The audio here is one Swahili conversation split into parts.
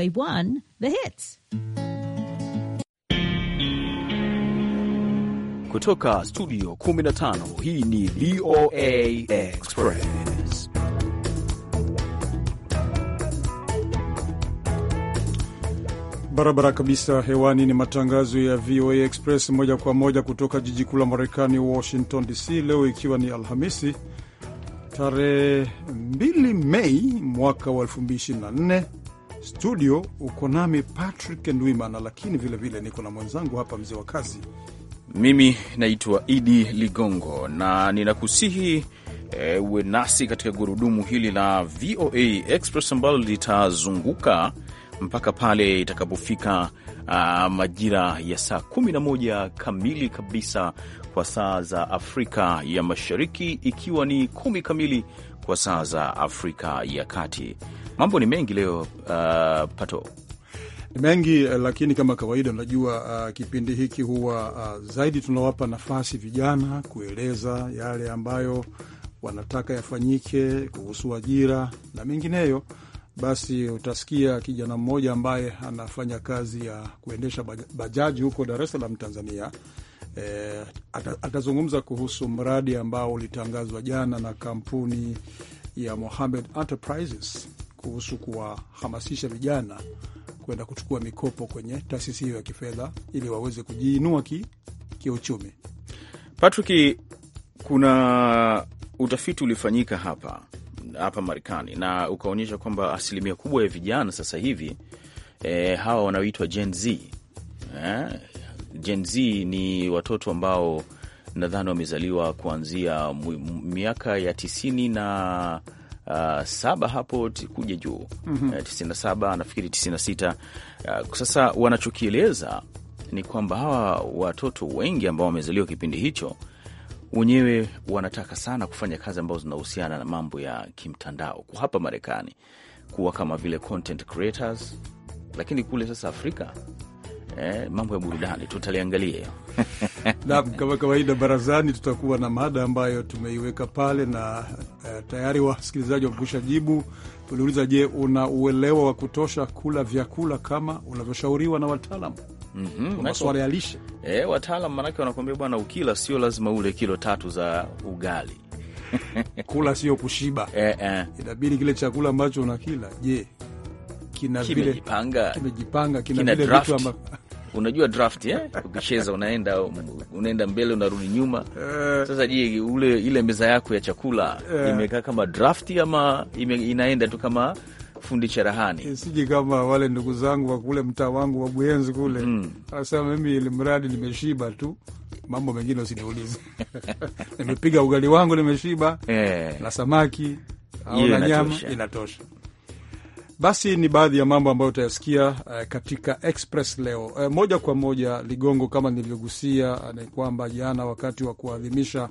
They won the hits. Kutoka studio 15 hii ni VOA Express. Barabara kabisa hewani ni matangazo ya VOA Express moja kwa moja kutoka jiji kuu la Marekani, Washington DC, leo ikiwa ni Alhamisi tarehe 2 Mei mwaka wa Studio uko nami Patrick Ndwimana, lakini vilevile niko na mwenzangu hapa mzee wa kazi. Mimi naitwa Idi Ligongo na ninakusihi e, uwe nasi katika gurudumu hili la VOA Express ambalo litazunguka mpaka pale itakapofika ah, majira ya saa moja kamili kabisa kwa saa za Afrika ya Mashariki, ikiwa ni kumi kamili kwa saa za Afrika ya Kati. Mambo ni mengi leo, uh, Pato mengi eh, lakini, kama kawaida, unajua uh, kipindi hiki huwa uh, zaidi tunawapa nafasi vijana kueleza yale ambayo wanataka yafanyike kuhusu ajira na mengineyo. Basi utasikia kijana mmoja ambaye anafanya kazi ya kuendesha bajaji huko Dar es Salaam, Tanzania. E, atazungumza kuhusu mradi ambao ulitangazwa jana na kampuni ya Mohamed Enterprises kuhusu kuwahamasisha vijana kwenda kuchukua mikopo kwenye taasisi hiyo ya kifedha ili waweze kujiinua kiuchumi. Patrick, kuna utafiti ulifanyika hapa hapa Marekani na ukaonyesha kwamba asilimia kubwa ya vijana sasa hivi e, hawa wanaoitwa Gen Z eh? Gen Z ni watoto ambao nadhani wamezaliwa kuanzia miaka ya tisini na uh, saba hapo kuja juu mm -hmm. tisini na saba nafikiri tisini na sita uh, sasa wanachokieleza ni kwamba hawa watoto wengi ambao wamezaliwa kipindi hicho wenyewe wanataka sana kufanya kazi ambazo zinahusiana na mambo ya kimtandao kwa hapa Marekani, kuwa kama vile content creators, lakini kule sasa Afrika eh, mambo ya burudani tutaliangalia. nam kama kawaida, barazani tutakuwa na mada ambayo tumeiweka pale na eh, tayari wasikilizaji wamekusha jibu. Tuliuliza, je, una uelewa wa kutosha kula vyakula kama unavyoshauriwa na wataalam Mm -hmm. Maswala ya lishe e, eh, wataalam manake wanakuambia bwana, ukila sio lazima ule kilo tatu za ugali kula sio kushiba e, e. Inabidi kile chakula ambacho unakila, je, kina kimejipanga, kimejipanga kina, vile Ama... unajua draft eh? Ukicheza unaenda unaenda mbele unarudi nyuma. Eh. Sasa je, ule ile meza yako ya chakula eh. imekaa kama draft ama ime, inaenda tu kama fundi cherehani. Eh, Sije kama wale ndugu zangu wa kule mtaa wangu wa Buyenzi kule mm. mimi ili mradi nimeshiba tu, mambo mengine usiniulize. nimepiga ugali wangu nimeshiba, yeah. na samaki au na nyama inatosha. Basi ni baadhi ya mambo ambayo utayasikia uh, katika Express leo uh, moja kwa moja. Ligongo, kama nilivyogusia, eh, ni kwamba jana wakati wa kuadhimisha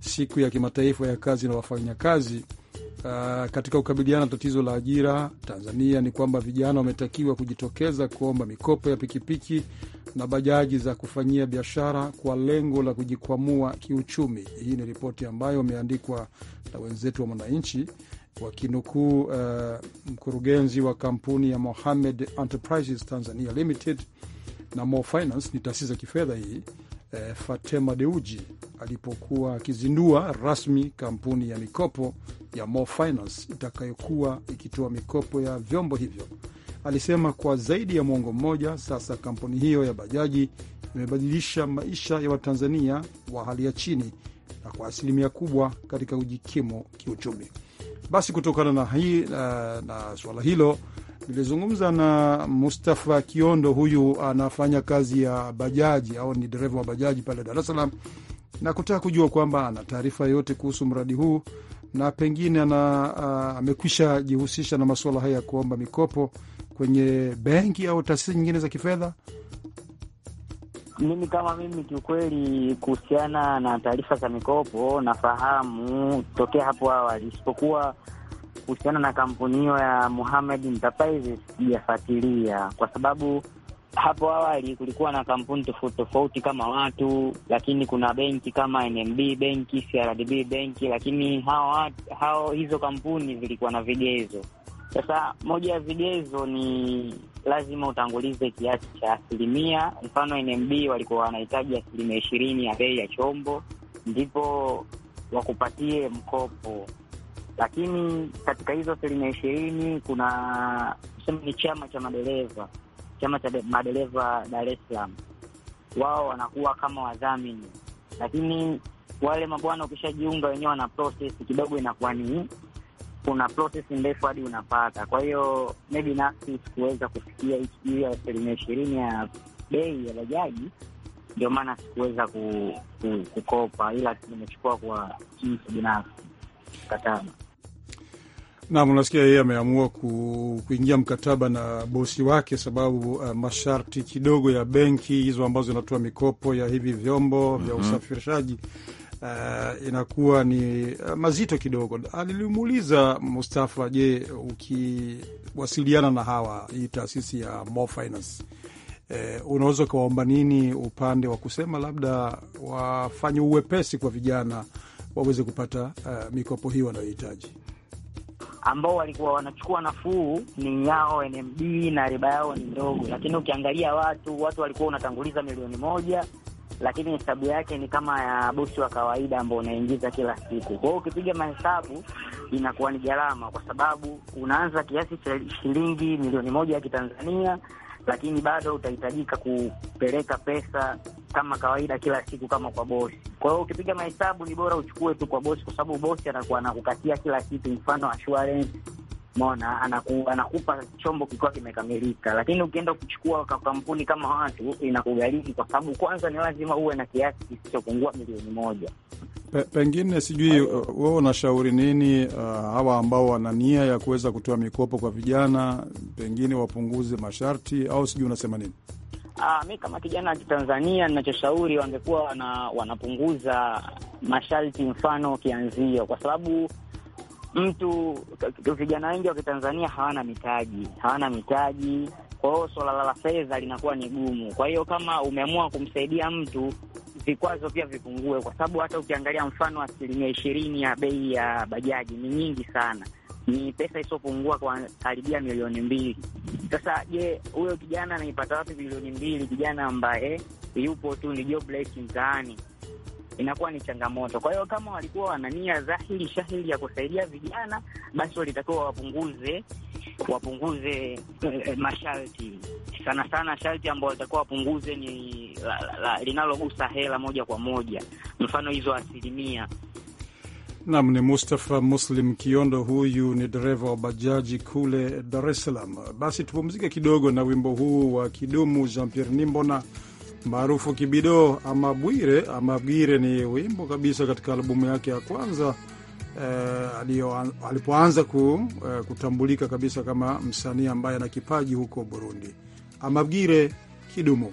siku ya kimataifa ya kazi na wafanyakazi Uh, katika kukabiliana na tatizo la ajira Tanzania ni kwamba vijana wametakiwa kujitokeza kuomba mikopo ya pikipiki na bajaji za kufanyia biashara kwa lengo la kujikwamua kiuchumi. Hii ni ripoti ambayo imeandikwa na wenzetu wa Mwananchi wakinukuu uh, mkurugenzi wa kampuni ya Mohamed Enterprises Tanzania Limited na Mo Finance, ni taasisi za kifedha hii uh, Fatema Deuji alipokuwa akizindua rasmi kampuni ya mikopo ya Mo Finance itakayokuwa ikitoa mikopo ya vyombo hivyo. Alisema kwa zaidi ya mwongo mmoja sasa kampuni hiyo ya bajaji imebadilisha maisha ya Watanzania wa hali ya chini na kwa asilimia kubwa katika kujikimu kiuchumi. Basi kutokana na, hii, na, na suala hilo nilizungumza na Mustafa Kiondo, huyu anafanya kazi ya bajaji au ni dereva wa bajaji pale Dar es Salaam, na kutaka kujua kwamba ana taarifa yoyote kuhusu mradi huu na pengine amekwisha jihusisha na masuala haya ya kuomba mikopo kwenye benki au taasisi nyingine za kifedha. Mimi kama mimi, kiukweli, kuhusiana na taarifa za mikopo nafahamu tokea hapo awali, isipokuwa kuhusiana na kampuni hiyo ya Muhammad Enterprises sijafuatilia, kwa sababu hapo awali kulikuwa na kampuni tofauti tofauti kama watu, lakini kuna benki kama NMB benki, CRDB benki, lakini hao, hao hizo kampuni zilikuwa na vigezo. Sasa moja ya vigezo ni lazima utangulize kiasi cha asilimia. Mfano, NMB walikuwa wanahitaji asilimia ishirini ya bei ya chombo, ndipo wakupatie mkopo. Lakini katika hizo asilimia ishirini kuna tuseme ni chama cha madereva, chama cha madereva Dar es Salaam, wao wanakuwa kama wadhamini, lakini wale mabwana ukishajiunga wenyewe wana process kidogo, inakuwa ni kuna prosesi ndefu hadi unapata. Kwa hiyo mi binafsi sikuweza kufikia hiyo asilimia ishirini ya bei ya bajaji, ndio maana sikuweza ku, ku, kukopa, ila nimechukua kwa jinsi binafsi mkataba. Naam, unasikia yeye ameamua ku, kuingia mkataba na bosi wake sababu uh, masharti kidogo ya benki hizo ambazo zinatoa mikopo ya hivi vyombo mm -hmm. vya mhm. usafirishaji uh, inakuwa ni eh, mazito kidogo. Ah, nilimuuliza Mustafa, je, ukiwasiliana na hawa hii taasisi ya Mo Finance uh, unaweza ukawaomba nini upande wa kusema labda wafanye uwepesi kwa vijana waweze kupata uh, mikopo hii wanayohitaji? ambao walikuwa wanachukua nafuu ni yao NMB na riba yao ni ndogo, lakini ukiangalia watu watu walikuwa unatanguliza milioni moja lakini hesabu yake ni kama ya bosi wa kawaida ambao unaingiza kila siku. Kwa hiyo ukipiga mahesabu inakuwa ni gharama, kwa sababu unaanza kiasi cha shilingi milioni moja ya Kitanzania, lakini bado utahitajika kupeleka pesa kama kawaida kila siku kama kwa bosi. Kwa hiyo ukipiga mahesabu ni bora uchukue tu kwa bosi, kwa sababu bosi anakuwa anakukatia kila kitu, mfano assurance mona anaku, anakupa chombo kikiwa kimekamilika, lakini ukienda kuchukua kwa kampuni kama watu inakugharimu, kwa sababu kwanza ni lazima uwe na kiasi kisichopungua milioni moja. Pe, pengine sijui wewe unashauri nini uh, hawa ambao wana nia ya kuweza kutoa mikopo kwa vijana, pengine wapunguze masharti au sijui unasema nini? Ah, mi kama kijana wa Kitanzania ninachoshauri wangekuwa wana, wanapunguza masharti mfano kianzio, kwa sababu mtu vijana wengi wa Kitanzania hawana mitaji, hawana mitaji. Kwa hiyo swala la fedha linakuwa ni gumu. Kwa hiyo kama umeamua kumsaidia mtu, vikwazo pia vipungue, kwa sababu hata ukiangalia mfano asilimia ishirini ya bei ya bajaji ni nyingi sana, ni pesa isiopungua kwa karibia milioni mbili. Sasa je, huyo kijana anaipata wapi milioni mbili? Kijana ambaye yupo tu ni jobless mtaani inakuwa ni changamoto. Kwa hiyo kama walikuwa wana nia dhahiri shahiri ya kusaidia vijana, basi walitakiwa wapunguze wapunguze e, masharti sana sana. Sharti ambao walitakiwa wapunguze ni la, la, la, linalogusa hela moja kwa moja, mfano hizo asilimia Nam ni Mustafa Muslim Kiondo, huyu ni dereva wa bajaji kule Dar es Salaam. Basi tupumzike kidogo na wimbo huu wa kidumu Jean Pierre Nimbona maarufu Kibido ama Bwire ama Bwire ni wimbo kabisa katika albumu yake ya kwanza eh, alipoanza ku, eh, kutambulika kabisa kama msanii ambaye ana kipaji huko Burundi. Ama Bwire kidumu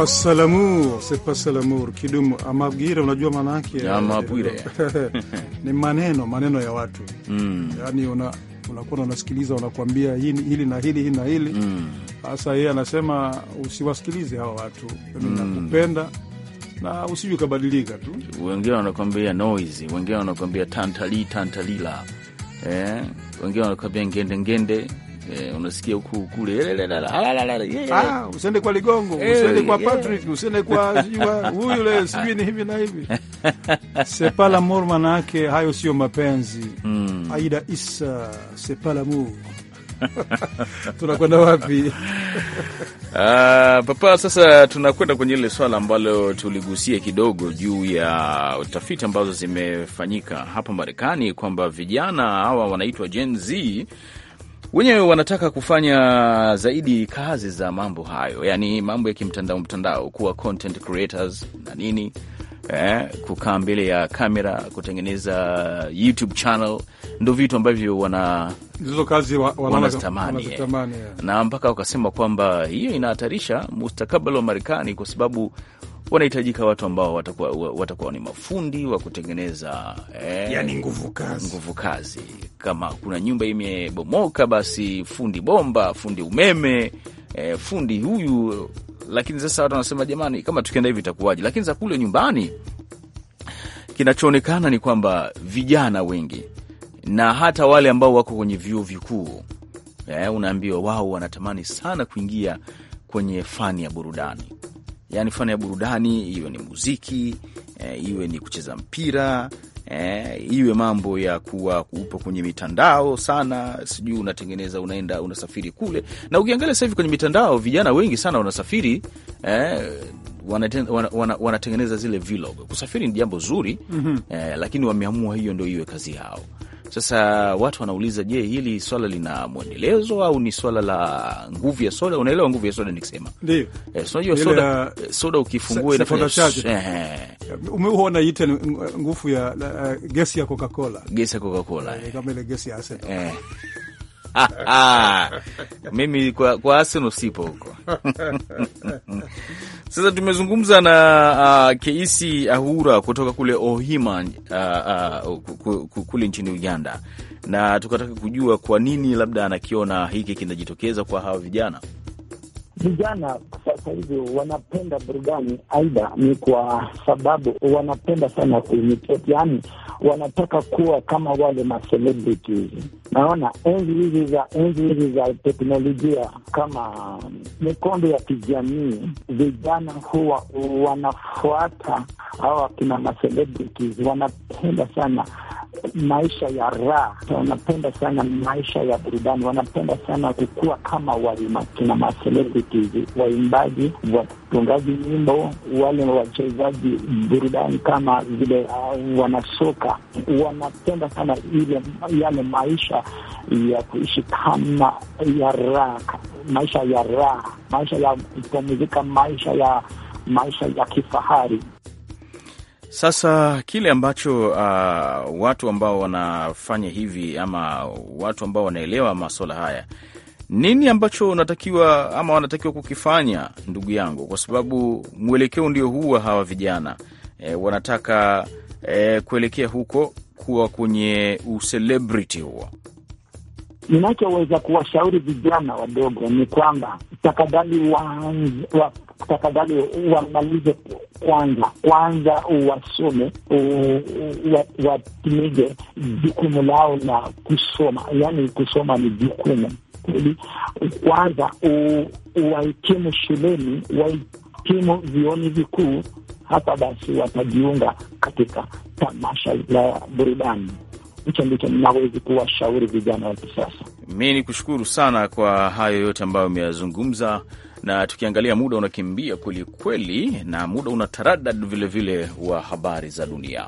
pasa lamour, se pasa lamour kidumu amabwire, unajua maana yake ni maneno maneno ya watu mm. Yani una unakuwa unasikiliza, unakuambia hili na hili hili na hili sasa. mm. Yeye anasema usiwasikilize hawa watu mm. nakupenda na usiju ukabadilika tu. Wengine wanakwambia noise, wengine wanakwambia tantali tantalila, eh, wengine wanakwambia ngende ngende Eh, unasikia huku kule eh, ah, usiende kwa Ligongo, eh, usiende kwa Patrick, usiende kwa huyu le sijui ni hivi na hivi sepa lamour, manake hayo sio mapenzi mm. Aida Isa sepa lamour tunakwenda wapi? Ah, papa, sasa tunakwenda kwenye ile swala ambalo tuligusia kidogo juu ya tafiti ambazo zimefanyika hapa Marekani kwamba vijana hawa wanaitwa Gen Z wenyewe wanataka kufanya zaidi kazi za mambo hayo, yani mambo ya kimtandao mtandao, kuwa content creators na nini eh, kukaa mbele ya kamera kutengeneza YouTube channel ndo vitu ambavyo wana ndizo kazi wa, eh. Eh. na mpaka wakasema kwamba hiyo inahatarisha mustakabali wa Marekani kwa sababu wanahitajika watu ambao watakuwa, watakuwa ni mafundi wa kutengeneza eh, yani nguvu kazi, nguvu kazi. Kama kuna nyumba imebomoka, basi fundi bomba, fundi umeme eh, fundi huyu. Lakini sasa watu wanasema jamani, kama tukienda hivi itakuwaje? Lakini za kule nyumbani kinachoonekana ni kwamba vijana wengi na hata wale ambao wako kwenye vyuo vikuu eh, unaambiwa wao wanatamani sana kuingia kwenye fani ya burudani yani fani ya burudani, iwe ni muziki e, iwe ni kucheza mpira e, iwe mambo ya kuwa upo kwenye mitandao sana, sijui unatengeneza, unaenda unasafiri kule. Na ukiangalia sasa hivi kwenye mitandao, vijana wengi sana wanasafiri e, eh, wanatengeneza wana, wana zile vlog. Kusafiri ni jambo zuri mm -hmm. Eh, lakini wameamua hiyo ndo iwe kazi yao. Sasa watu wanauliza, je, hili swala lina mwendelezo au ni swala la nguvu ya soda? Unaelewa nguvu ya soda nikisema ndio, eh, unajua soda, soda ukifungua inafanya eh. umeona nguvu ya eh, gesi ya Coca-Cola, gesi ya Coca-Cola kama ile gesi ya mimi kwa, kwa Arsenal sipo huko Sasa tumezungumza na uh, Keisi Ahura kutoka kule Ohima uh, uh, kule nchini Uganda, na tukataka kujua kwa nini labda anakiona hiki kinajitokeza kwa hawa vijana vijana sasa hivi wanapenda burudani, aidha ni kwa sababu wanapenda sana kuimitate, yaani wanataka kuwa kama wale macelebrities. Naona enzi hizi za enzi hizi za teknolojia kama mikondo ya kijamii, vijana huwa wanafuata hawa kina macelebrities, wanapenda sana maisha ya raha, wanapenda sana maisha ya burudani, wanapenda sana kukuwa kama walima kina macelebrities, waimbaji, watungaji nyimbo, wale wachezaji burudani kama vile uh, wanasoka, wanapenda sana ile yale maisha ya kuishi kama ya raha, maisha ya raha, maisha ya kupumzika, maisha ya maisha ya kifahari. Sasa kile ambacho uh, watu ambao wanafanya hivi ama watu ambao wanaelewa maswala haya, nini ambacho unatakiwa ama wanatakiwa kukifanya, ndugu yangu, kwa sababu mwelekeo ndio huu wa hawa vijana e, wanataka e, kuelekea huko kuwa kwenye uselebrity huo. Ninachoweza kuwashauri vijana wadogo ni kwamba takadhali wa, wa, tafadhali wamalize kwanza, kwanza wasome, watimize jukumu lao la kusoma. Yaani kusoma ni jukumu kweli. Kwanza wahitimu shuleni, wahitimu vioni vikuu, hapa basi watajiunga katika tamasha la burudani. Hicho ndicho ninawezi kuwashauri vijana wa kisasa. Mi ni kushukuru sana kwa hayo yote ambayo umeyazungumza na tukiangalia muda unakimbia kwelikweli, na muda una taradad vilevile wa habari za dunia.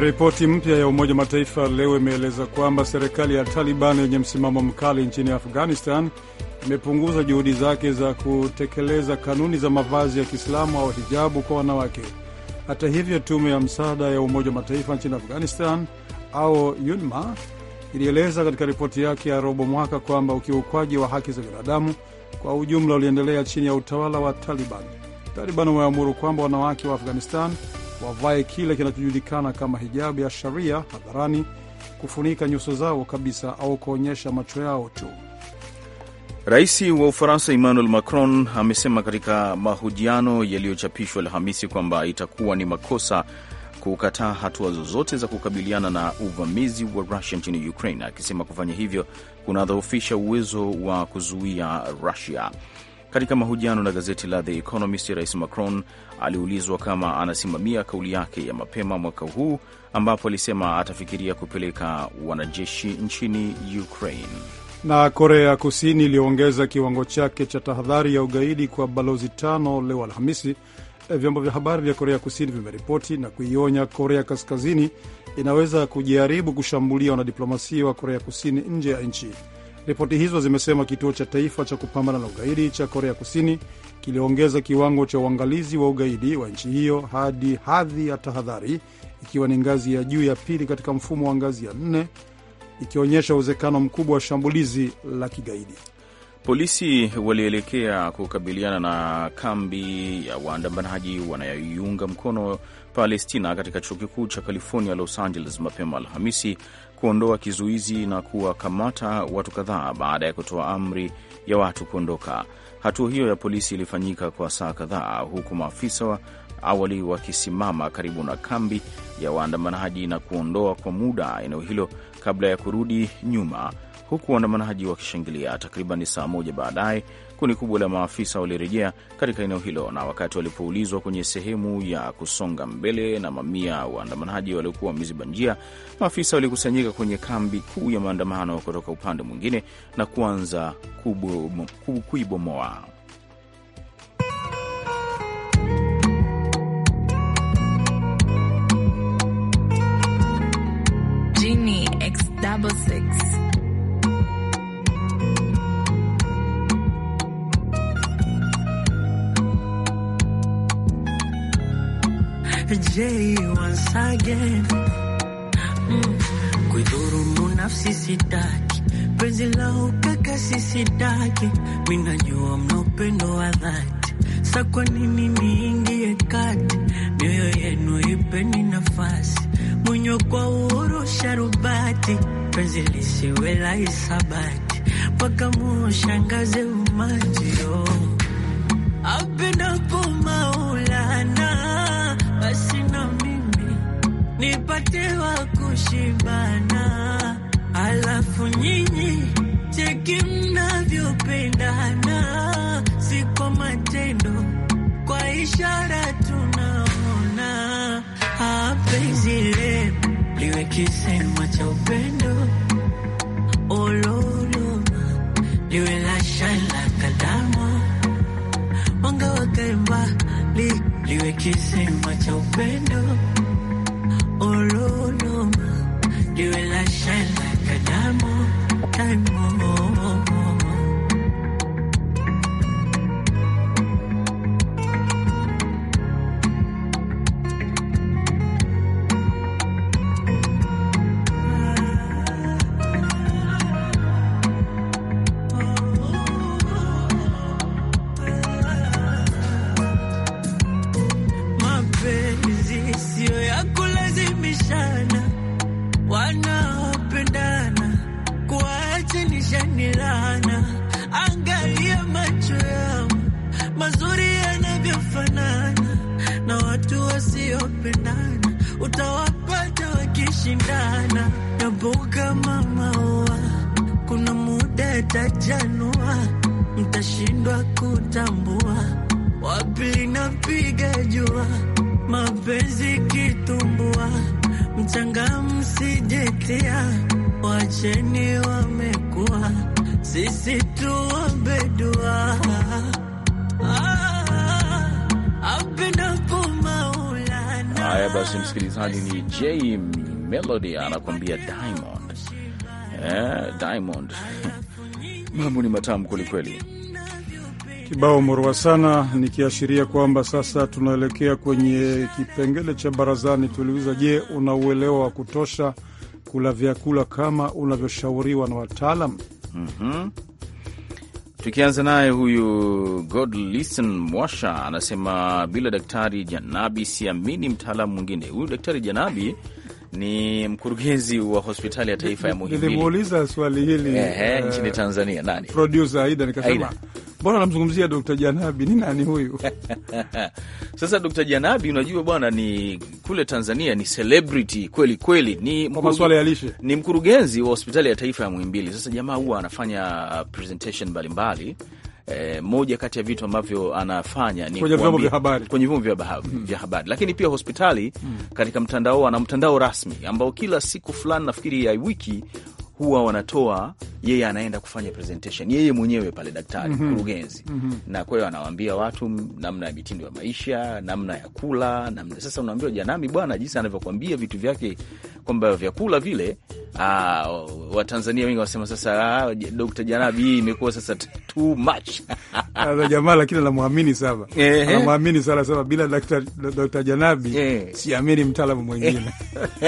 Ripoti mpya ya Umoja Mataifa leo imeeleza kwamba serikali ya Taliban yenye msimamo mkali nchini Afghanistan imepunguza juhudi zake za kutekeleza kanuni za mavazi ya Kiislamu au hijabu kwa wanawake. Hata hivyo, tume ya msaada ya Umoja wa Mataifa nchini Afghanistan au UNMA ilieleza katika ripoti yake ya robo mwaka kwamba ukiukwaji wa haki za binadamu kwa ujumla uliendelea chini ya utawala wa Taliban. Taliban wameamuru kwamba wanawake wa Afghanistan wavae kile kinachojulikana kama hijabu ya sharia hadharani, kufunika nyuso zao kabisa au kuonyesha macho yao tu. Rais wa Ufaransa Emmanuel Macron amesema katika mahojiano yaliyochapishwa Alhamisi kwamba itakuwa ni makosa kukataa hatua zozote za kukabiliana na uvamizi wa Rusia nchini Ukraine, akisema kufanya hivyo kunadhoofisha uwezo wa kuzuia Rusia. Katika mahojiano na gazeti la The Economist, Rais Macron aliulizwa kama anasimamia kauli yake ya mapema mwaka huu ambapo alisema atafikiria kupeleka wanajeshi nchini Ukraine. Na Korea Kusini iliyoongeza kiwango chake cha tahadhari ya ugaidi kwa balozi tano leo Alhamisi, e, vyombo vya habari vya Korea Kusini vimeripoti na kuionya Korea Kaskazini inaweza kujaribu kushambulia wanadiplomasia wa Korea Kusini nje ya nchi. Ripoti hizo zimesema kituo cha taifa cha kupambana na ugaidi cha Korea Kusini kiliongeza kiwango cha uangalizi wa ugaidi wa nchi hiyo hadi hadhi ya tahadhari, ikiwa ni ngazi ya juu ya pili katika mfumo wa ngazi ya nne ikionyesha uwezekano mkubwa wa shambulizi la kigaidi. Polisi walielekea kukabiliana na kambi ya waandamanaji wanayoiunga mkono Palestina katika chuo kikuu cha California, Los Angeles mapema Alhamisi kuondoa kizuizi na kuwakamata watu kadhaa baada ya kutoa amri ya watu kuondoka. Hatua hiyo ya polisi ilifanyika kwa saa kadhaa, huku maafisa wa awali wakisimama karibu na kambi ya waandamanaji na kuondoa kwa muda eneo hilo kabla ya kurudi nyuma huku waandamanaji wakishangilia. Takriban saa moja baadaye, kundi kubwa la maafisa walirejea katika eneo hilo, na wakati walipoulizwa kwenye sehemu ya kusonga mbele na mamia waandamanaji waliokuwa wameziba njia, maafisa walikusanyika kwenye kambi kuu ya maandamano kutoka upande mwingine na kuanza kuibomoa DJ once again mm. Kuidhuru nafsi sitaki, penzi la ukaka sisitaki, minajua mnaupendo wa dhati, sa kwa nini niingie kati? Mioyo yenu ipeni nafasi, mwenyo kwa uhuru sharubati, penzi lisiwe la isabati, mpaka mushangaze umati, oh. nipate wa kushibana, alafu nyinyi cheki mnavyopendana, si kwa matendo, kwa ishara tunaona. Hapenzi liwe kisema cha upendo, ololoma liwe la shala kadama wanga wakaemba li, liwe kisema cha upendo Luluma, you will shine like a diamond. diamond. hatia, wacheni wamekuwa, sisi tu wabedua ah, Haya basi, msikilizaji, ni J Melody anakuambia Diamond. Yeah, Diamond mambo ni matamu kwelikweli. Kibao morwa sana, nikiashiria kwamba sasa tunaelekea kwenye kipengele cha barazani. Tuliuliza, je, una uelewa wa kutosha kula vyakula kama unavyoshauriwa na wataalam? mm -hmm. Tukianza naye huyu Godlison Mwasha anasema bila Daktari Janabi siamini mtaalamu mwingine. Huyu Daktari Janabi ni mkurugenzi wa hospitali ya taifa ya Muhimbili. Nilimuuliza swali hili ehe, eh, nchini Tanzania. Nani producer Aida, nikasema mbona namzungumzia Dr. Janabi, ni nani huyu? Sasa Dr. Janabi, unajua bwana, ni kule Tanzania ni celebrity kweli kweli, ni masuala ya lishe, ni mkurugenzi wa hospitali ya taifa ya Muhimbili. Sasa jamaa huwa anafanya uh, presentation mbalimbali mbali. Eh, moja kati ya vitu ambavyo anafanya ni kwenye vyombo vya habari, kwenye vyombo vya habari, hmm. vya habari. Lakini pia hospitali hmm. katika mtandao ana mtandao rasmi ambao kila siku fulani nafikiri ya wiki huwa wanatoa, yeye anaenda kufanya presentation yeye mwenyewe pale, daktari mhm. mkurugenzi. mm -hmm. mm -hmm. na kwa hiyo anawaambia watu namna ya mitindo ya maisha, namna ya kula, namna sasa. Unaambiwa Janami bwana, jinsi anavyokwambia vitu vyake kwamba vyakula vile ah, Watanzania wengi wanasema sasa, ah, Dr. Janabi hii imekuwa sasa too much Sasa jamaa lakini anamwamini sana, anamwamini sana sana, bila Dr. Janabi eh. siamini mtaalamu mwingine.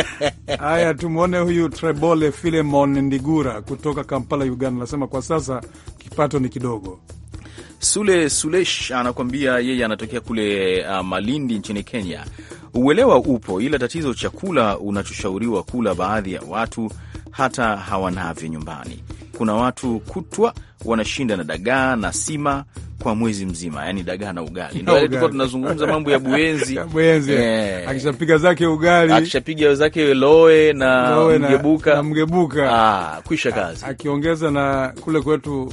Haya, tumwone huyu Trebole Filemon Ndigura kutoka Kampala, Uganda, anasema kwa sasa kipato ni kidogo. Sule Sulesh anakuambia yeye anatokea kule uh, Malindi nchini Kenya. Uelewa upo, ila tatizo chakula unachoshauriwa kula, baadhi ya watu hata hawanavyo nyumbani kuna watu kutwa wanashinda na dagaa na sima kwa mwezi mzima, yani dagaa na ugali. Ndio tulikuwa tunazungumza mambo ya Buenzi yeah. Eh. Akishapiga zake ugali, akishapiga zake loe na loe mgebuka, na, na mgebuka. Ah, kwisha kazi, akiongeza na kule kwetu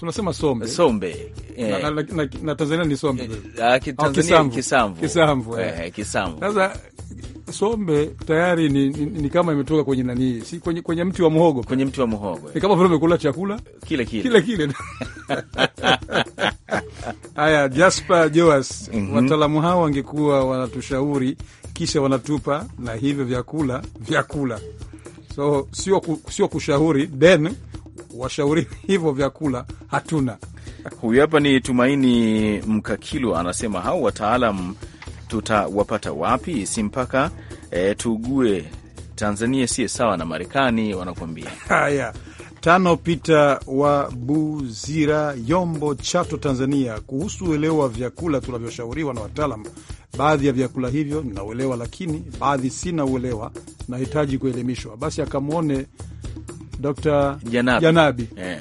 tunasema sombe sombe yeah. na, eh. na, na, na Tanzania ni sombe yeah. Eh, kisamvu, kisamvu, kisamvu, Yeah, kisamvu. Sasa sombe tayari ni, ni, ni kama imetoka kwenye nani, si kwenye, kwenye mti wa mhogo, kwenye mti wa muhogo, ni kama vile umekula chakula kile kile kile kile. Haya, Jasper Joas, mm -hmm. wataalamu hao wangekuwa wanatushauri kisha wanatupa na hivyo vyakula vyakula, so sio ku, sio kushauri then washauri hivyo vyakula hatuna. Huyu hapa ni Tumaini Mkakilwa anasema hao wataalam tutawapata wapi? Si mpaka e, tugue Tanzania siye sawa na Marekani, wanakuambia haya. Tano Pita wa Buzira, Yombo, Chato, Tanzania, kuhusu uelewa wa vyakula tunavyoshauriwa na wataalam. Baadhi ya vyakula hivyo ninauelewa, lakini baadhi sina uelewa, nahitaji kuelimishwa. Basi akamwone Dr. Janabi, Janabi. Yeah.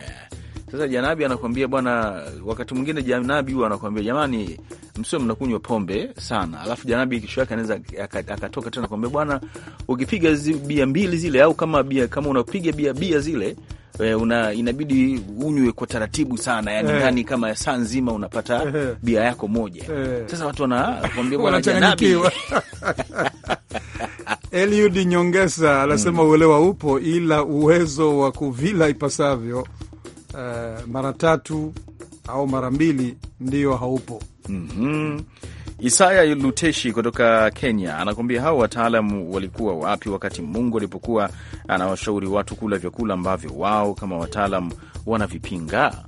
Sasa Janabi anakwambia bwana, wakati mwingine Janabi huwa anakwambia jamani, msio mnakunywa pombe sana. Alafu Janabi kesho yake anaweza akatoka tena kwambia bwana, ukipiga bia mbili zile au kama bia kama unapiga bia bia zile e, una inabidi unywe kwa taratibu sana, yani eh. ndani hey, kama saa nzima unapata hey, eh. bia yako moja hey. Eh. Sasa watu wanakwambia bwana Janabi Eliud Nyongesa anasema, hmm. uelewa upo ila uwezo wa kuvila ipasavyo uh, mara tatu au mara mbili ndiyo haupo. mm -hmm. Isaya Luteshi kutoka Kenya anakuambia hao wataalamu walikuwa wapi wakati Mungu alipokuwa anawashauri watu kula vyakula ambavyo wao kama wataalamu wanavipinga.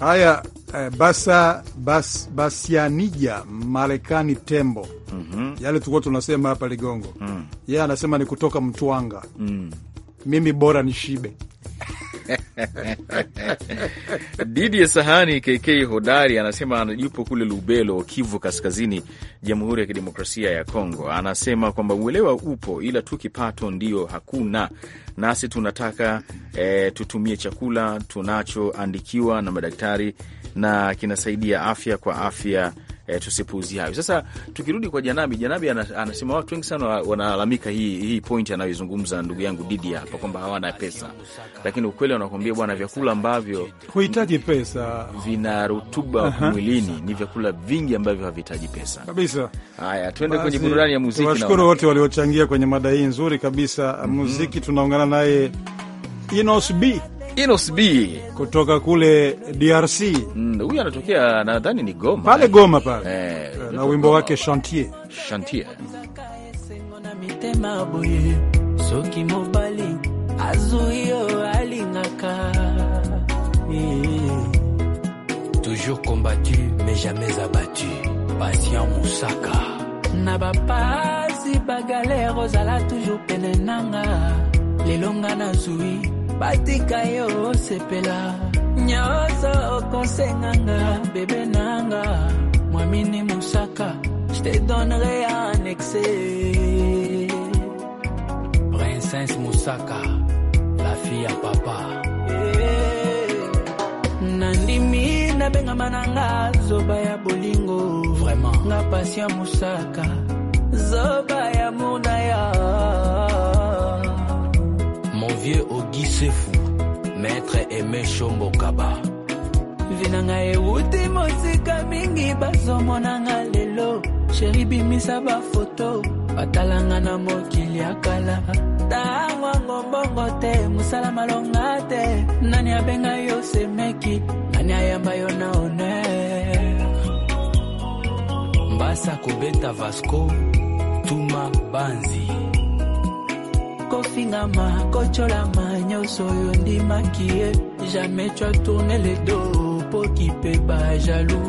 Haya, eh, basa bas, basianija Marekani tembo mm -hmm. yale tulikuwa tunasema hapa Ligongo mm. yeye yeah, anasema ni kutoka Mtwanga mm. mimi bora ni shibe Didi ya Sahani KK Hodari anasema yupo kule Lubelo, Kivu Kaskazini, Jamhuri ya Kidemokrasia ya Kongo. Anasema kwamba uelewa upo, ila tu kipato ndio hakuna. Nasi tunataka e, tutumie chakula tunachoandikiwa na madaktari na kinasaidia afya kwa afya e, eh, tusipuuzie hayo. Sasa tukirudi kwa Janabi, Janabi anasema watu wengi sana wanalalamika hii, hii point anayoizungumza ndugu yangu Didi hapa kwamba hawana pesa, lakini ukweli wanakuambia bwana, vyakula ambavyo huhitaji pesa vina rutuba uh -huh. mwilini ni vyakula vingi ambavyo havihitaji pesa kabisa. Haya, tuende kwenye burudani ya muziki. Washukuru wote waliochangia kwenye mada hii nzuri kabisa. mm -hmm. Muziki tunaungana naye Inos B Inos B kutoka kule DRC mm, huyu mm, anatokea nadhani ni Goma pale Goma pale eh, eh na wimbo wake chantier chantier soki mobali azuio alingaka toujours combattu mais jamais abattu patient musaka na bapasi bagalere ozala toujours pene nanga lelonga batika yo osepela nyonso okosenganga bebe nanga mwamini mosaka je te donnerai un princesse mosaka la fille à papa eh. nandimi nabengama nanga zoba ya bolingo vraiment nga pasi ya mosaka zoba ya mona ya olivier ogisefu maître aime shombo kaba vinanga euti mosika mingi bazomonanga lelo sheri bimisa bafoto batalanga na mokili ya kala ntango mbongo te mosala malonga te nani abenga yo semeki nani ayamba yo na honer mbasa kobeta vasco tuma banzi kofingama kotolama nyonso oyo ndimaki ye jamais tu as tourné les dos mpo kipepa jaloux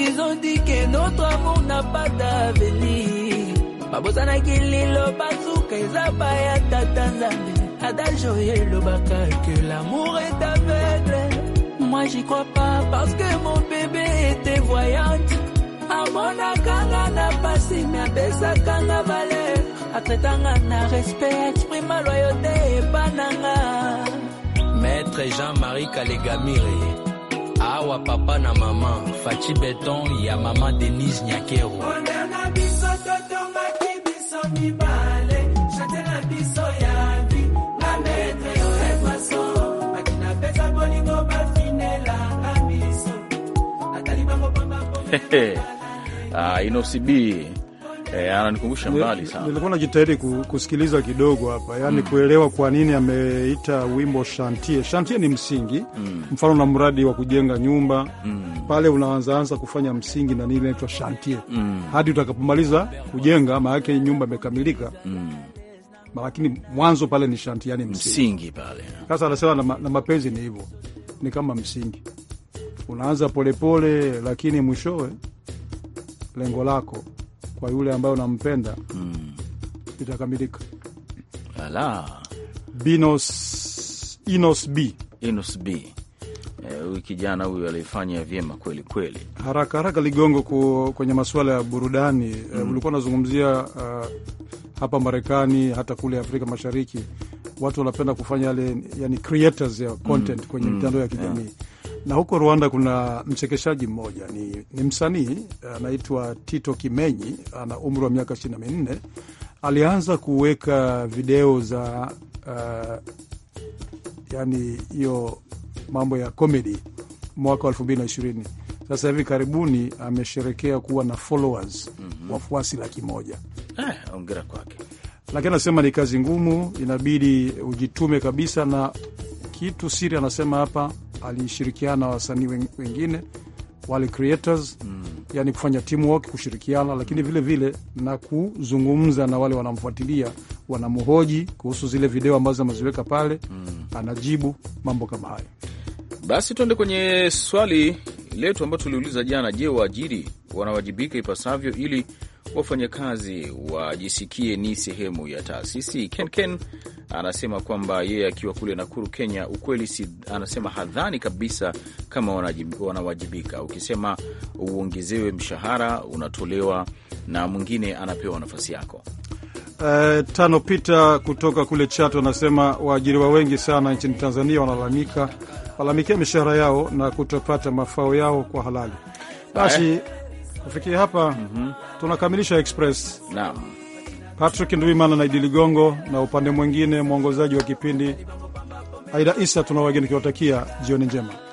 ils ont dit que notre amour n'a pas d'avenir babosanaki lilo basuka eza baya tata nzambe adagio elobaka que l'amour est aveugle moi j'y crois pas parce que mon bébé était voyante amonakanga na pasi me apesakanga valeur atretanga na respect exprima loyauté epananga maître jean-marie kalegamire awa papa na mama faci beton ya mama denise nyakero Ah, inosibi E, eh, ananikumbusha mbali sana. Nilikuwa najitahidi kusikiliza kidogo hapa, yani mm. kuelewa kwa nini ameita wimbo shantie. Shantie ni msingi mm. mfano na mradi wa kujenga nyumba mm. pale unaanzaanza kufanya msingi na nini inaitwa shantie mm. hadi utakapomaliza kujenga, maanake nyumba imekamilika mm. lakini mwanzo pale ni shantie, yani msingi pale. Sasa anasema na, na mapenzi ni hivyo, ni kama msingi unaanza polepole pole, lakini mwishowe lengo lako kwa yule ambaye unampenda mm. itakamilika. Ala Binos, Inos B, Inos B. Eh, huyu kijana huyu alifanya vyema kweli kweli. Haraka haraka ligongo ku, kwenye masuala ya burudani mm. Uh, ulikuwa unazungumzia uh, hapa Marekani, hata kule Afrika Mashariki watu wanapenda kufanya yale, yani creators ya content mm, kwenye mm, ya kijamii yeah. Na huko Rwanda kuna mchekeshaji mmoja ni, ni msanii anaitwa Tito Kimenyi, ana umri wa miaka ishirini na minne. Alianza kuweka video za uh, yani hiyo mambo ya comedy mwaka wa elfu mbili na ishirini. Sasa hivi karibuni amesherekea kuwa na followers mm -hmm. wafuasi laki moja Eh, Ongera kwake, lakini anasema ni kazi ngumu, inabidi ujitume kabisa. Na kitu siri anasema hapa, alishirikiana na wasanii wengine wale creators mm. Yani kufanya teamwork, kushirikiana, lakini vile vile na kuzungumza na wale wanamfuatilia, wanamhoji kuhusu zile video ambazo ameziweka pale mm. Anajibu mambo kama hayo. Basi tuende kwenye swali letu ambayo tuliuliza jana. Je, waajiri wanawajibika ipasavyo ili wafanyakazi wajisikie ni sehemu ya taasisi. Kenken anasema kwamba yeye akiwa kule Nakuru, Kenya, ukweli si, anasema hadhani kabisa kama wanawajibika. Ukisema uongezewe mshahara unatolewa na mwingine anapewa nafasi yako. Uh, tano pita kutoka kule Chato anasema waajiriwa wengi sana nchini Tanzania wanalalamika walalamikia mishahara yao na kutopata mafao yao kwa halali. Basi eh. Kufikia hapa mm -hmm. tunakamilisha Express naam. Patrick Ndwimana na Idi Ligongo na upande mwingine mwongozaji wa kipindi Aida Isa, tunawageni kiwatakia jioni njema.